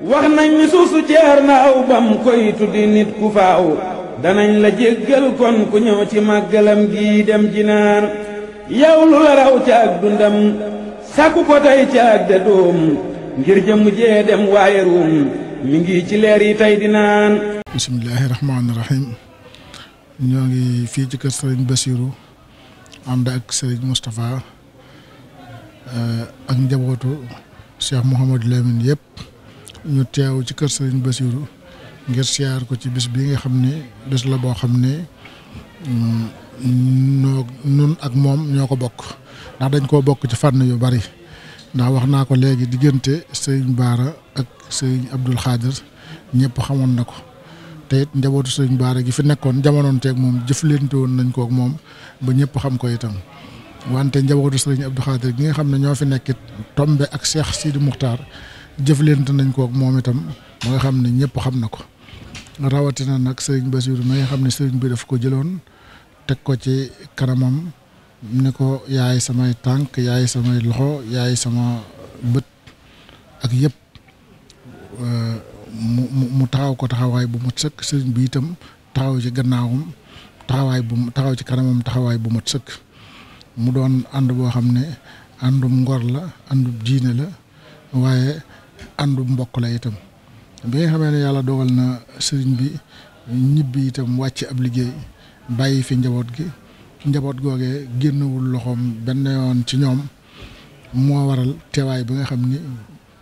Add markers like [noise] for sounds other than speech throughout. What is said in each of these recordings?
wax nañ ni suuf su ceer na aw bam koy tuddi nit ku faaw danañ la jéggal kon ku ñëw ci màggalam gii dem jinaar yow lu la raw ca ak dundam sàkku ko tey ca ak doom ngir jëm jee dem waaye ruum mi ngi ci leer yi tey di naan bismillaahi rahmaani ñoo ngi fii ci kër sëriñ Basiiru ànd ak sëriñ Moustapha eh, ak njabootu Cheikh Mouhamadou Lamine yëpp ñu teew ci kër sëriñ Bassirou ngir siyaar ko ci bis bii nga xam ni bis la boo xam ne mm, noo nun ak moom ñoo ko bokk ndax dañ koo bokk ci fànn yu bari ndax wax naa ko léegi diggante Serigne Baara ak Serigne Abdul Xaadir ñëpp xamoon na ko te it njabootu Serigne Baara gi fi nekkoon jamonoon teeg moom jëflante woon nañ kook moom ba ñëpp xam ko itam wante njabootu Serigne Abdou Khadir gi nga xam ne ñoo fi nekkit tombe ak Cheikh Sidi Muxtaar jëflante nañ kook moom itam ba nga xam ne ñëpp xam na ko rawatina nag sëriñ Basiru ma xam ne sëriñ bi daf ko jëloon teg ko ci kanamam ni ko yaay samay tànk yaay samay loxo yaay sama bët ak yëpp mu mu taxaw ko taxawaay bu mat sëkk sëriñ bi itam taxaw ci gannaawam taxawaay bu taxaw ci kanamam taxawaay bu mat sëkk mu doon ànd boo xam ne àndum ngor la àndum jiine la waaye àndu mbokk la itam bi nga xamee ne yàlla dogal na sëriñ bi ñibbi itam wàcc ab liggéey bàyyi fi njaboot gi njaboot googee génnewul loxoom benn yoon ci ñoom moo waral teewaay bi nga xam ni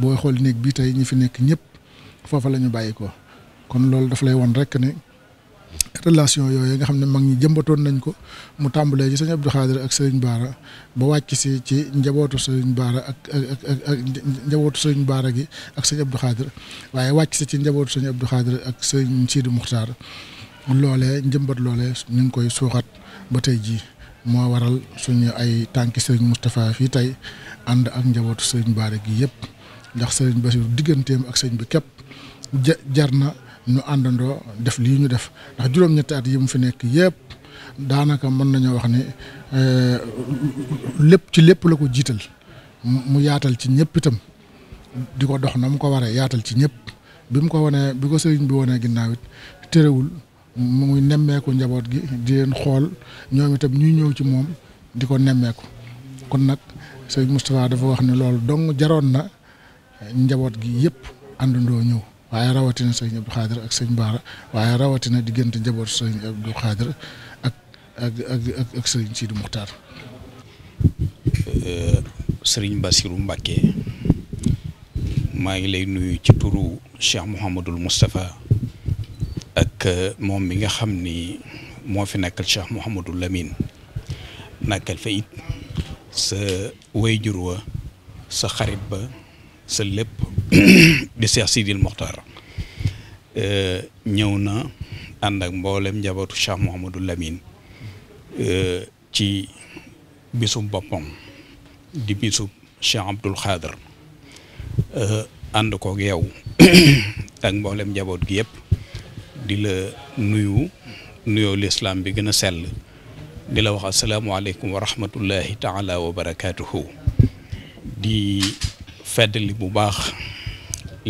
booy xool néeg bi tey ñi fi nekk ñëpp foofa la ñu bàyyi ko kon loolu daf lay won rek ne relation yooyu nga xam ne mag ñi jëmbatoon nañ ko mu tàmbalee ci sëñ Abdou Khadir ak sëriñ Baara ba wàcc si ci njabootu sëriñ Baara ak ak ak ak sëriñ Baara gi ak sëñ Abdou waaye wàcc si ci njabootu sëñ Abdou Khadir ak sëriñ siidu Muxtaar loole njëmbat loole ñu ngi koy suuxat ba tey jii moo waral suñu ay tànki sëriñ Moustapha fii tey ànd ak njabootu sëriñ Baara gi yëpp ndax sëriñ Basiru digganteem ak sëriñ bi képp jar na. ñu àndandoo def lii ñu def ndax juróom-ñetti at yi mu fi nekk yëpp daanaka mën nañoo wax ni euh, lépp ci lépp la ko jiital mu yaatal ci ñëpp itam di ko dox na mu ko waree yaatal ci ñëpp bi mu ko wanee bi ko sëriñ bi wanee ginnaaw it terewul muy nemmeeku njaboot gi di leen xool ñoom itam ñuy ñëw ci moom di ko nemmeeku kon nag sëriñ Moustapha dafa wax ne loolu dong jaroon na njaboot gi yëpp àndandoo ñëw. waaye rawatina sëñ Abdou ak sëñ Baara waaye rawatina diggante njabootu sëñ Abdou Khadir ak ak ak ak sëñ sëriñ euh, Bassirou Mbacké maa ngi lay nuyu ci turu Cheikh Mouhamadul Moustapha ak euh, moom mi nga xam ni moo fi nekkal Cheikh Mouhamadul Lamine nekkal fa it sa wayjur wa sa xarit ba. sa lépp di Cheikh Sidil Mokhtar ñëw na ànd ak mboolem njabootu Cheikh Mouhamadou Lamine ci bisum boppam di bisub Cheikh Abdoul Khader ànd koog yow [coughs] ak mbooleem njaboot gi yëpp di la nuyu nuyoo lislaam bi gën a sell di la wax asalaamaaleykum wa rahmatullahi taala wa barakaatuhu di feddali bu baax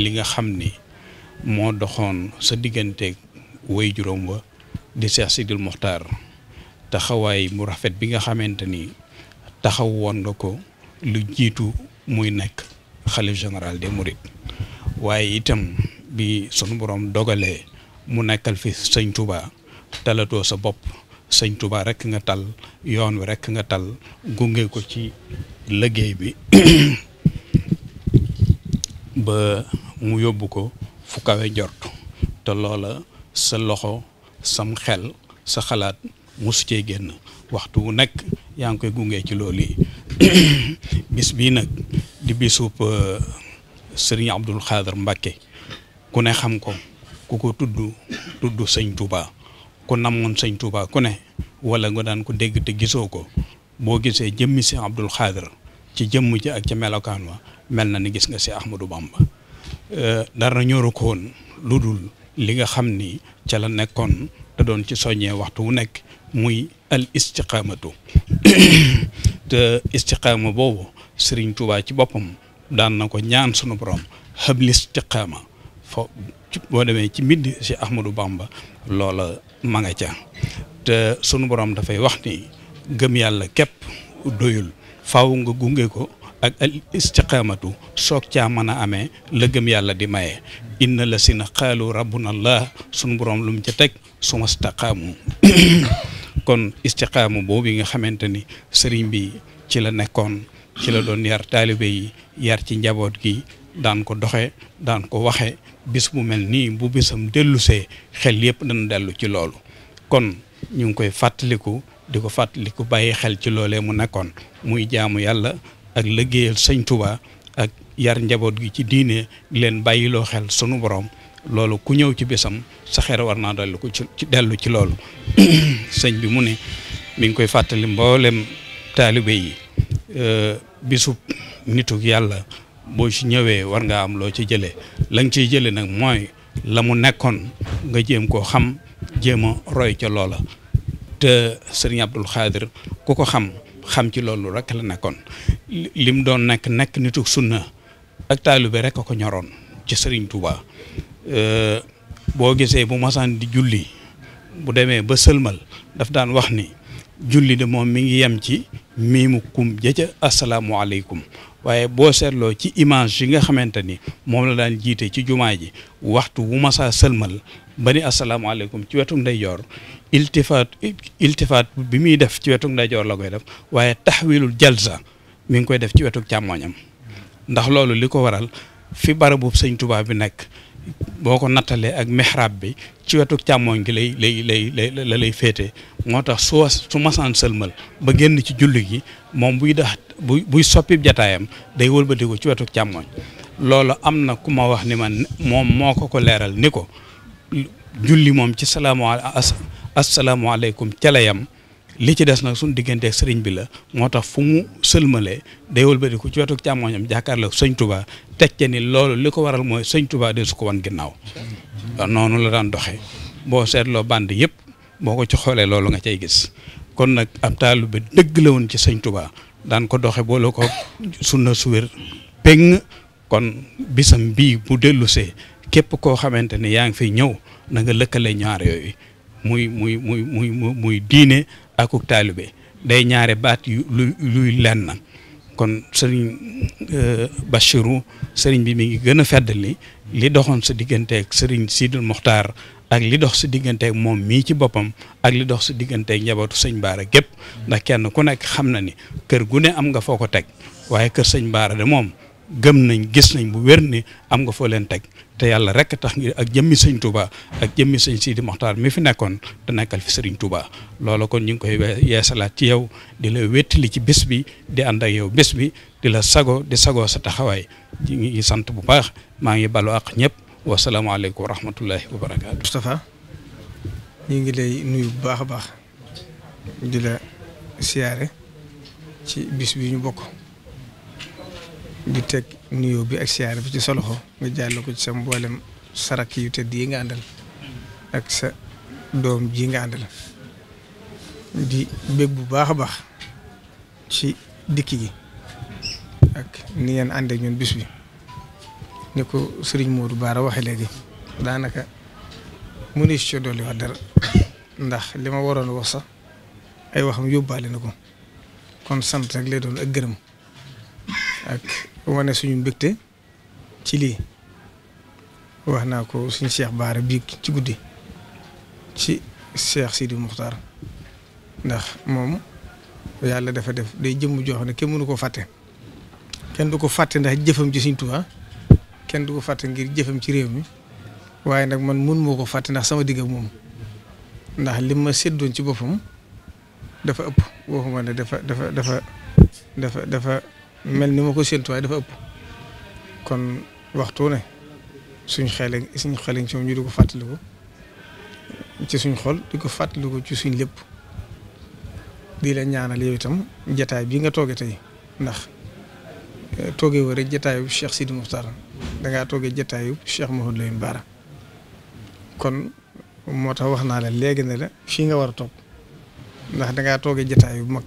li nga xam ni moo doxoon sa digganteeg way juróom wa di Cheikh Sidil Mokhtar taxawaay mu rafet bi nga xamante ni taxaw woon nga ko lu jiitu muy nekk xale général de mourides waaye itam bi sunu boroom dogalee mu nekkal fi sëñ Touba talatoo sa bopp sëñ Touba rekk nga tal yoon wi rek nga tal gunge ko ci liggéey bi [clears throat] ba mu yóbbu ko fu kawe njort te loola sa loxo sam xel sa xalaat mosu cee génn waxtu wu nekk yaa ngi koy gungee ci loolu yi [coughs] bis bii nag di bisuub euh, sëriñ Abdul Xaadar Mbàkke ku ne xam ko ku ko tudd tudd sëñ Touba ku namoon sëñ Touba ku ne wala nga daan ko dégg te gisoo ko boo gisee jëmm si Abdul Xaadar ci jëmm ji ak ca melokaan wa mel na ni gis nga si Ahmadou Bamba euh, dara ñoru ko woon lu dul li nga xam ni ca la nekkoon te doon ci soññee waxtu wu nekk muy al istiqaamatu [coughs] te istiqaama boobu sëriñ Touba ci boppam daan na ko ñaan sunu borom xëbli istiqaama fo boo demee ci mbind si Ahmadou bàmba loola ma ca te sunu borom dafay wax ni gëm yàlla képp doyul faaw nga gunge ko. ak al istiqaamatu soog caa mën a amee la yàlla di maye inna la si na xaalu rabbuna allah sunu borom lu mu ca teg suma staqaamu [coughs] kon istiqaamu boobu yi nga xamante ni sëriñ bi ci la nekkoon ci la doon yar taalibe yi yar ci njaboot gi daan ko doxe daan ko waxe bis bu mel nii bu bisam dellusee xel yëpp dana dellu ci loolu kon ñu ngi koy fàttaliku di ko fàttaliku bàyyi xel ci loolee mu nekkoon muy jaamu yàlla ak liggéeyal sëñ Tuubaa ak yar njaboot gi ci diine leen bàyyiloo xel sunu borom loolu ku ñëw ci bisam sa xeer war naa dellu ci dellu ci loolu [clears throat] sëñ bi mu ne mu ngi koy fàttali mboolem taalibe yi euh, bisub nituk yàlla boo ci ñëwee war nga am loo ci jëlee la nga ciy jëlee nag mooy la mu nekkoon nga jéem koo xam jéem a roy ca loola te sëriñ Abdul Xaadir ku ko xam xam ci loolu rek la nekkoon lim doon nekk nekk nitu sunna ak bi rek a ko ñoroon ci Serigne Touba euh, boo gisee bu masaan di julli bu demee ba sëlmal daf daan wax ni julli de moom mi ngi yem ci miimu kum jëca asalaamualeykum waaye boo seetloo ci image yi nga xamante ni moom la daan jiite ci jumaa ji waxtu wu masaa sëlmal ba ni asalaamualeykum ci wetum ndeyjoor iltifaat bi muy def ci wetuk ndeyjoor la koy def waaye taxwilul jalsa mi ngi koy def ci wetuk càmmoñam ndax loolu li ko waral fi barabu sëñ Tuubaa bi nekk boo ko nattalee ak mihrab bi ci wetuk càmmoñ gi lay lay lay féete moo tax su su masaan sëlmal ba génn ci julli gi moom buy dax buy buy soppi jataayam day wëlbati ko ci wetuk càmmoñ loolu am na ku ma wax ni ma moom moo ko ko leeral ni ko julli moom ci salaamu asalaamaaleykum ca la yam li ci des nag suñu digganteeg sëriñ bi la moo tax fu mu sëlmalee day wëlbati ku ci wetu càmmoñam jàkkaarloo sëñ Touba teg ca ni loolu li ko waral mooy sëñ Touba de su ko wan ginnaaw noonu la daan doxee boo seetloo band yëpp boo ko ci xoolee loolu nga cay gis kon nag ab taalu bi dëgg la woon ci sëñtubaa daan ko doxe boole ko sunna su wér péng kon bisam bii bu dellusee képp koo xamante ni yaa ngi fiy ñëw na nga lëkkale ñaar yooyu muy muy muy muy muy diine akuk taalibe day ñaare baat yu luy lenn kon sëriñ euh, Bachirou sëriñ bi mi ngi gën a feddali li doxoon sa digganteeg sëriñ Sidil Mokhtar ak li dox sa digganteek moom mii ci boppam ak li dox sa digganteeg njabootu sëñ Baara gépp ndax kenn ku nekk xam na ni kër gu ne am nga foo ko teg waaye kër sëñ Baara de moom gëm nañ gis nañ bu wér ni am nga foo leen teg te yàlla rek tax ngir ak jëmmi sëñ tubaa ak jëmmi sëñ Sidi Moxtaar mi fi nekkoon te nekkal fi sariñ Touba loolu kon ñu ngi koy yeesalaat ci yow di la wéttali ci bés bi di ànd ak yow bés bi di la sago di sagoo sa taxawaay ñu ngi sant bu baax maa ngi balu ak ñëpp wasalaamaaleykum wa rahmatullahi wa barakaatu. Moustapha ñu ngi lay nuyu bu baax a baax di la siyaare ci bis bi ñu bokk. di teg nuyoo bi ak siyaare bi ci sa loxo nga jàll ko ci sa mboolem sarak yu tedd yi nga àndal ak sa doom ji nga àndal di bég bu baax a baax ci dikk gi ak ni ngeen àndee ñun bis ni ko sëriñ Modou Baara waxee léegi daanaka mu ne si dolli ndax li ma waroon wax sax ay waxam yóbbaale na ko kon sant rek lay doon ak gërëm. ak wane suñu mbégte ci lii wax naa ko suñu Cheikh Baara biig ci guddi ci Cheikh Sidi Muxtaar ndax moom yàlla dafa def day jëmm joo xam ne kenn mënu ko fàtte kenn du ko fàtte ndax jëfam ci suñ Tuubaa kenn du ko fàtte ngir jëfam ci réew mi waaye nag man mun moo ko fàtte ndax sama digg ak moom ndax li ma séddoon ci boppam dafa ëpp waxuma ne dafa dafa dafa dafa dafa mel ni ma ko séntu waaye dafa ëpp kon waxtu ne suñ xeele suñ xeele ci moom ñu di ko fàttaliku ci suñ xol di ko fàttaliku ci suñ lépp di la ñaanal yow itam jataay bii nga tooge tey ndax eh, toogee woo rek jataayu Cheikh Sidi Mokhtar dangaa toogee jataayu Cheikh Mouhamadou Lamine Bara kon moo tax wax naa la léegi ne la fii nga war a toog ndax dangaa toogee jataayu mag.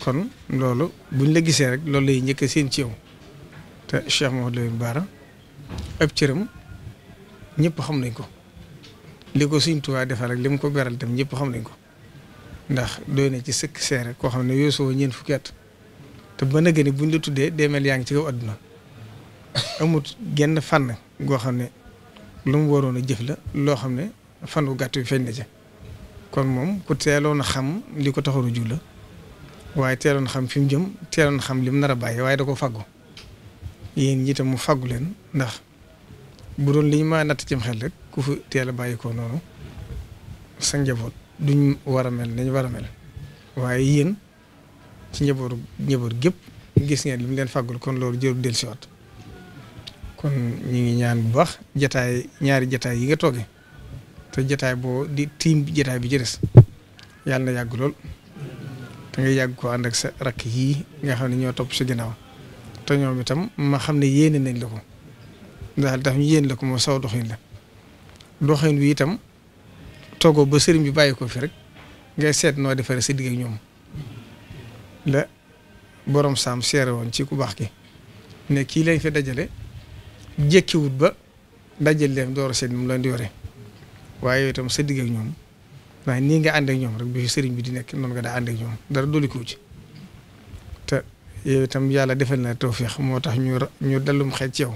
kon loolu buñ la gisee rek loolu lay njëkk seen ci yow te Cheikh Mouhamadou Lamine Bara ab cëram ñëpp xam nañ ko li ko Sëriñ Tuubaa defal ak li mu ko beral tam ñëpp xam nañ ko ndax doy na ci sëkk rek koo xam ne yooyu soo ñeent fukki at te ba nag ni buñ la tuddee deemeel yaa ngi ci kaw àdduna amut genn fànn goo xam ne lu mu waroon a jëf la loo xam ne fan wu gàtt bi feeñ na ca kon moom ku teeloon a xam li ko taxaru ju la waaye teeloon xam fi mu jëm teeloon xam li mu nar a bàyyi waaye da ko faggu yéen ñi itam mu faggu leen ndax bu doon li ñu ma natt cim xel rek ku fi teel a bàyyi ko noonu sa njaboot duñ war a mel nañ war a mel waaye yéen ci njabootu njaboot gépp gis ngeen lim leen faggul kon loolu del si dellusiwaat kon ñu ngi ñaan bu baax jataay ñaari jataay yi nga toogee te jataay boo di tiim jataay bi ci des yàlla na yàgg lool. te nga yàgg ko ànd ak sa rakk yii nga xam ne ñoo topp sa ginnaaw te ñoom itam ma xam ne yéene nañ la ko ndax daf ñu yéen la ko moom saw doxin la doxin wi itam toogoo ba sëriñ bi bàyyi ko fi rek ngay seet noo defaree sa digg ñoom la borom saam seere woon ci ku baax ki ne kii lañ fi dajale jekkiwut ba dajal leen door a seet mu leen di yore waaye itam sa digg ñoom waaye nii nga ànd ak ñoom rek bi sëriñ bi di nekk noonu nga daa ànd ak ñoom dara dolli ko ci te yow itam yàlla defal na tawféex moo tax ñu ñu dallum xel ci yow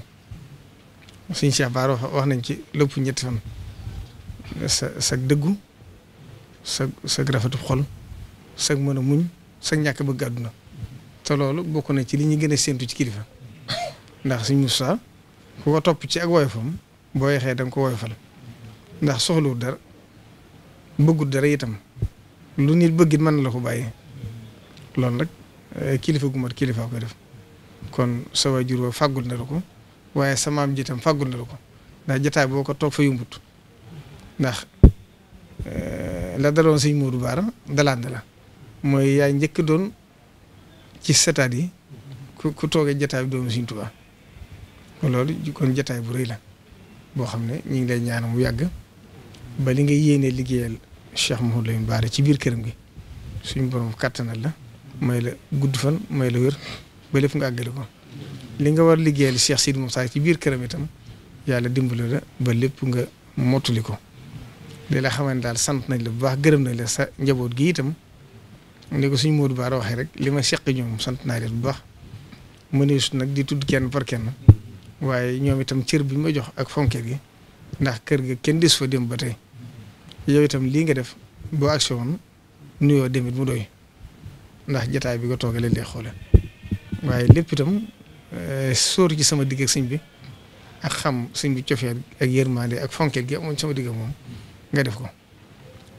suñ Cheikh wax nañ ci lépp ñetti fan sa sa dëggu rafetu xol mën a muñ bëgg àdduna te loolu bokk na ci li ñu gën a séntu ci kilifa ndax suñ Moussa ku ko topp ci ak woyofam boo yeexee da nga ko woyofal ndax soxlawul dara. bëggut dara itam lu nit bëggit mën la ko bàyyi loolu nag eh, kilifa gu mat kilifa koy def kon sa waajur wa fàggul na ko waaye sa maam ji itam fàggul na ko ndax jotaay boo ko toog fa yumbut ndax eh, la daloon sëñ Modou Baara dalaat na mooy yaa njëkk doon ci setaat yi ku ku toogee jotaay bi doomu sëñ Tuubaa loolu kon jotaay bu rëy la boo xam ne ñu ngi lay ñaan yàgg. ba li nga yéene liggéeyal Cheikh Mouhamadou Lamine Bara ci biir këram gi suñu borom kàttanal la may la gudd fan may la wér ba lépp nga àggale ko li nga war liggéeyal Cheikh Sidi Moussa ci biir këram itam yàlla dimbali la ba lépp nga mottali ko li la xamante daal sant nañ la bu baax gërëm nañ la sa njaboot gi itam ni ko suñu Modou Bara waxee rek li ma seq ñoom sant naa leen bu baax mëneesut nag di tudd kenn par kenn waaye ñoom itam cër bi ma jox ak fonket gi ndax kër ga kenn des fa ba tey yow itam lii nga def boo action woon nuyoo demit mu doy ndax jataay bi nga toogee leen dee xoole waaye lépp itam eh, sóor ci sama digg ak sëñ bi ak xam sëñ bi cofeel ak yërmande ak fonkeel gi amoon sama moom nga def ko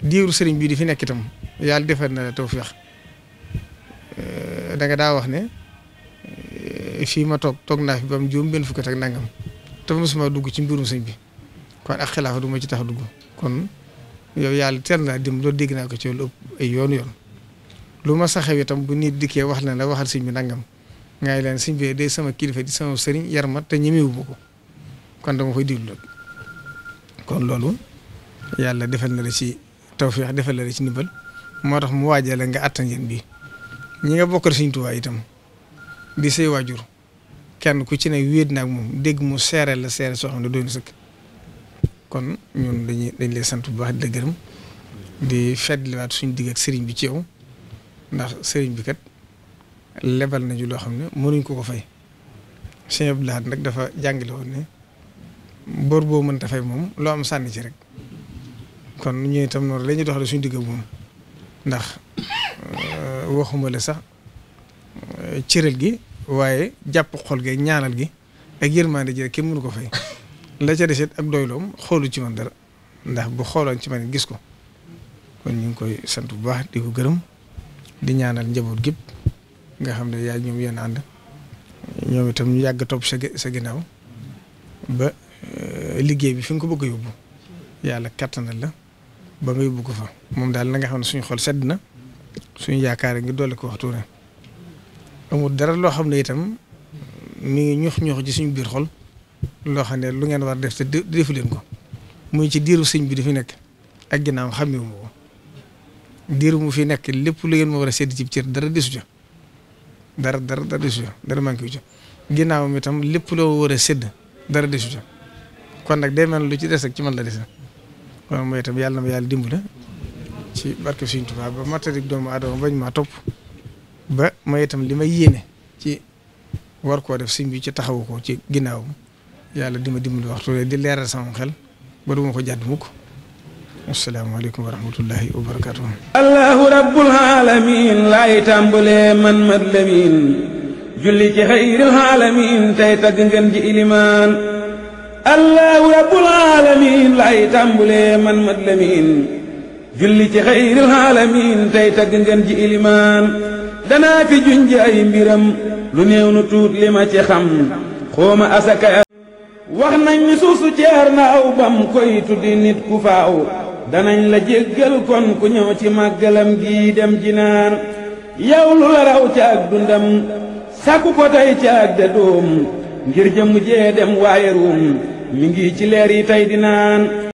diiru sëriñ bii di fi nekk itam yàlla defal na la tawfeex da eh, danga daa wax ne eh, fii ma toog toog naa fi ba mu juróom benn fukki at ak nangam te mosuma dugg ci mbirum sëñ bi kon ak xilaafa du ma ci tax dugg yow yàlla teel naa dim loolu dégg naa ko ci lu ay yoon yoon lu ma saxew itam bu nit dikkee wax na la waxal sëñ bi nangam ngay leen sëñ bi day sama kilifa di sama sëriñ yar ma te ñemewu ma ko kon dama koy diglu nag kon loolu yàlla defal na la ci tawféex defal na la ci ndimbal moo tax mu waajal la nga attan yéen bi ñi nga bokkal sëñ Tuubaa itam di say waajur kenn ku ci ne wéet naag moom dégg mu seereel la seere soo xam ne doon sëkk kon ñun dañuy dañ lay sant bu baax di la gërëm di fàttaliwaat suñu digg ak bi ci yow ndax sëriñ bi kat lebal nañu loo xam ne mënuñ ko ko fay sëñ Abdou nag dafa jàngale ne bor boo mënta fay moom loo am sànni ci rek kon ñu itam noonu la ñuy doxalee suñu digg ak moom ndax euh, waxuma la sax euh, cëral gi waaye jàpp xol gi ñaanal gi ak yërmande ji rek kenn mënu ko fay. la ca deset ak doyloom xoolu ci man dara ndax bu xooloon ci man gis ko kon ñu ngi koy sant bu baax di ko gërëm di ñaanal njaboot gépp nga xam ne yaa ñoom yenn ànd ñoom itam ñu yàgg topp sa sa ginnaaw ba euh, liggéey bi fi nga ko bëgg a yóbbu yàlla na la ba nga yóbbu ko fa moom daal na nga xam ne suñu xol sedd na suñu yaakaar ngi doole ko waxtu ne amul dara loo xam ne itam mi ngi ñox ñox ji suñu biir xol loo xam ne lu ngeen war def te defu leen ko muy ci diiru sëñ bi di fi nekk ak ginnaaw xàmmewu ma ko diiru mu fi nekk lépp lu ngeen ma war a sedd cib cër dara desu ca dara dara dara desu ca dara manqué wu ca lépp loo war sedd dara desu ca kon nag day mel lu ci des ci man la des kon mooy itam yàlla na ma yàlla dimbale ci barke Sëñ Tuubaa ba matarik doomu aadama bañ maa topp ba mooy itam li may yéene ci war koo def sëñ bi ci taxawu ko ci ginnaawam. yàlla dima dimbali waxtu di leeral sama xel ba duma ko jàdd mukk asalaamaaleykum wa rahmatullahi wa allahu rabbul alamin laay tàmbalee man mat lamin julli ci xayril alamin tey tagg ji ilimaan allahu rabbul ji ay mbiram lu néew nu tuut li ci xam xooma asaka wax nañ ni suuf su ceer na aw bam koy tuddi nit ku faaw danañ la jéggal kon ku ñëw ci màggalam gii dem jinaan yow lu la raw ca ak dundam sàkku ko tey ca ak de doom ngir jëmu jee dem waaye ruum mi ngi ci leer di naan